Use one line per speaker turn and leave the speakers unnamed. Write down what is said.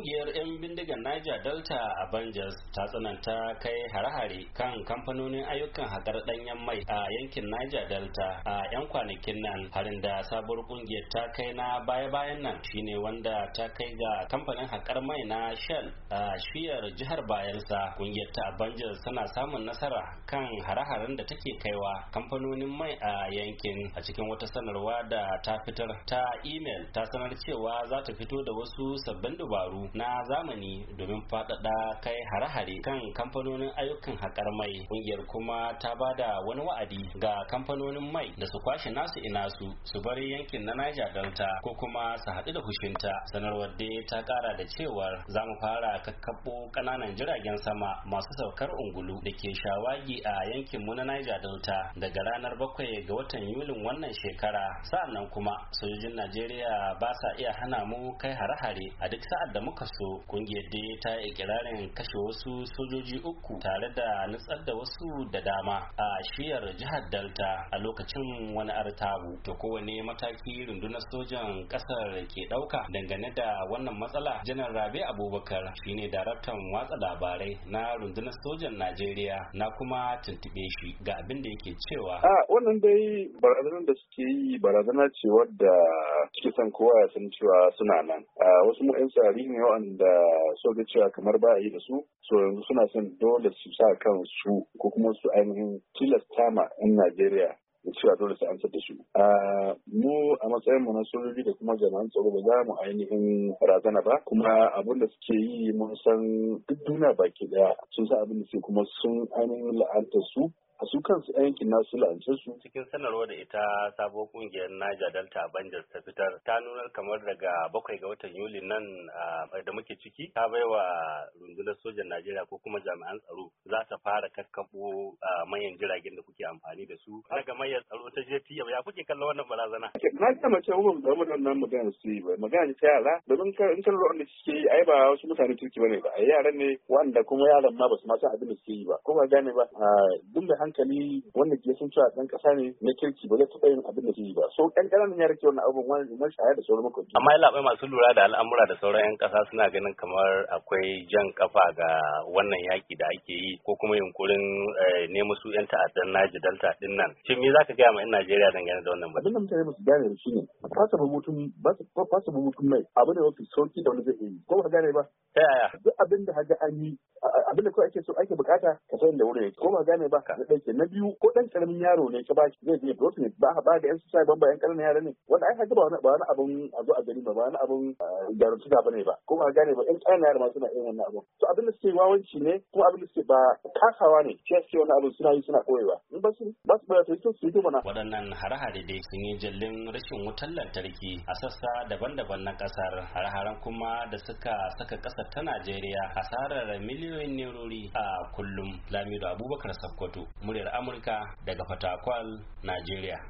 kungiyar 'yan bindigar niger delta avengers ta tsananta kai hare kan kamfanonin ayyukan haƙar ɗanyen mai a yankin niger delta a 'yan kwanakin nan harin da sabuwar kungiyar ta kai na baya-bayan nan shine wanda ta kai ga kamfanin haƙar mai na shell a shiyar jihar bayelsa kungiyar ta Banjas tana samun nasara kan hare-haren da take kaiwa kamfanonin mai a yankin a cikin wata sanarwa da ta fitar ta imel ta sanar cewa za ta fito da wasu sabbin dabaru na zamani domin faɗaɗa kai hare-hare kan kamfanonin ayyukan haƙar mai ƙungiyar kuma ta ba da wani wa'adi ga kamfanonin mai da su kwashe nasu ina su su bari yankin na Niger Delta ko kuma su haɗu da hushinta sanarwar dai ta ƙara da cewar za mu fara kakkaɓo ƙananan jiragen sama masu saukar ungulu da ke shawagi a yankin mu na Niger Delta daga ranar bakwai ga watan Yulin wannan shekara sa'annan kuma sojojin Najeriya ba sa iya hana mu kai hare-hare a duk sa'ad da muka kaso kungiyar dai ta ikirarin kashe wasu sojoji uku tare da nutsar da wasu da dama a shiyar jihar delta a lokacin wani artabu to kowane mataki rundunar sojan kasar ke dauka dangane da wannan matsala janar rabe abubakar shine daraktan watsa labarai na rundunar sojan najeriya na kuma tuntube shi ga abin da yake cewa a
wannan dai barazanar da suke yi barazana ce wadda suke kowa ya san cewa suna nan wasu mu tsari ne wanda suka cewa kamar ba a yi da su so yanzu suna son dole su sa kan su ko kuma su ainihin tilasta ma in Najeriya da cewa dole su amsar da su. Mu a matsayin mu na sojoji da kuma jama'an tsaro ba za mu ainihin razana ba kuma abin da suke yi mun san duk duniya baki daya sun san abin da suke kuma sun ainihin la'anta su a su kansu yankin nasu la'ance su.
Cikin sanarwar da ita sabuwar kungiyar Niger Delta Avengers ta fitar ta nunar kamar daga bakwai ga watan Yuli nan da muke ciki ta baiwa rundunar sojan Najeriya ko kuma jami'an tsaro za ta fara kakkabo manyan jiragen da kuke amfani da su. Na gamayyar tsaro ta JTF ya kuke kallon wannan barazana.
Na ta mace ba mu zama da magana su yi ba magana ta yara domin in kan wanda suke yi ai ba wasu mutane turki bane ba yaran ne wanda kuma yaran ma ba su ma san abin da suke yi ba ba gane ba duk da hankali wanda ke sun cewa dan kasa ne na kirki ba zai taɓa yin abin da yi ba so ɗan ƙananan ya rike wannan abin wani na shaya da sauran makwabci. amma
yana bai masu lura da al'amura da sauran 'yan ƙasa suna ganin kamar akwai jan kafa ga wannan yaƙi da ake yi ko kuma yunkurin eh, nemo su 'yan ta'addan naji delta din nan shin me zaka gaya ma 'yan Najeriya dangane da wannan
abin da mutane ba su gane da shi ne fasa mutum ba su mutum mai abu ne mafi sauki da wani zai yi ko ba gane ba ta yaya duk abin da haga an yi abin da kawai ake so ake bukata ka san da wurin ko ba gane ba ka da ɗauke na biyu ko ɗan karamin yaro ne ka baki zai je protein ba ba da yan sosai ban bayan karamin yaro ne wanda ai haka ba wani ba wani abun a zo a gari ba ba wani abun eh, jarumtuka ba ne ba ko ba gane ba yan karamin yaro ma suna yin wannan abun to abin da suke wawanci ne ko abin da suke ba kasawa ne shi suke wani abun suna yi suna koyewa in ba su ba su bayar to su yi mana
waɗannan hare-hare dai sun yi jallin rashin wutar lantarki a sassa daban-daban na ƙasar hare-haren kuma da suka saka ƙasar ta Najeriya hasarar miliyan miliyoyin nerori a kullum lamido abubakar sakkwato muryar amurka daga fatakwal najeriya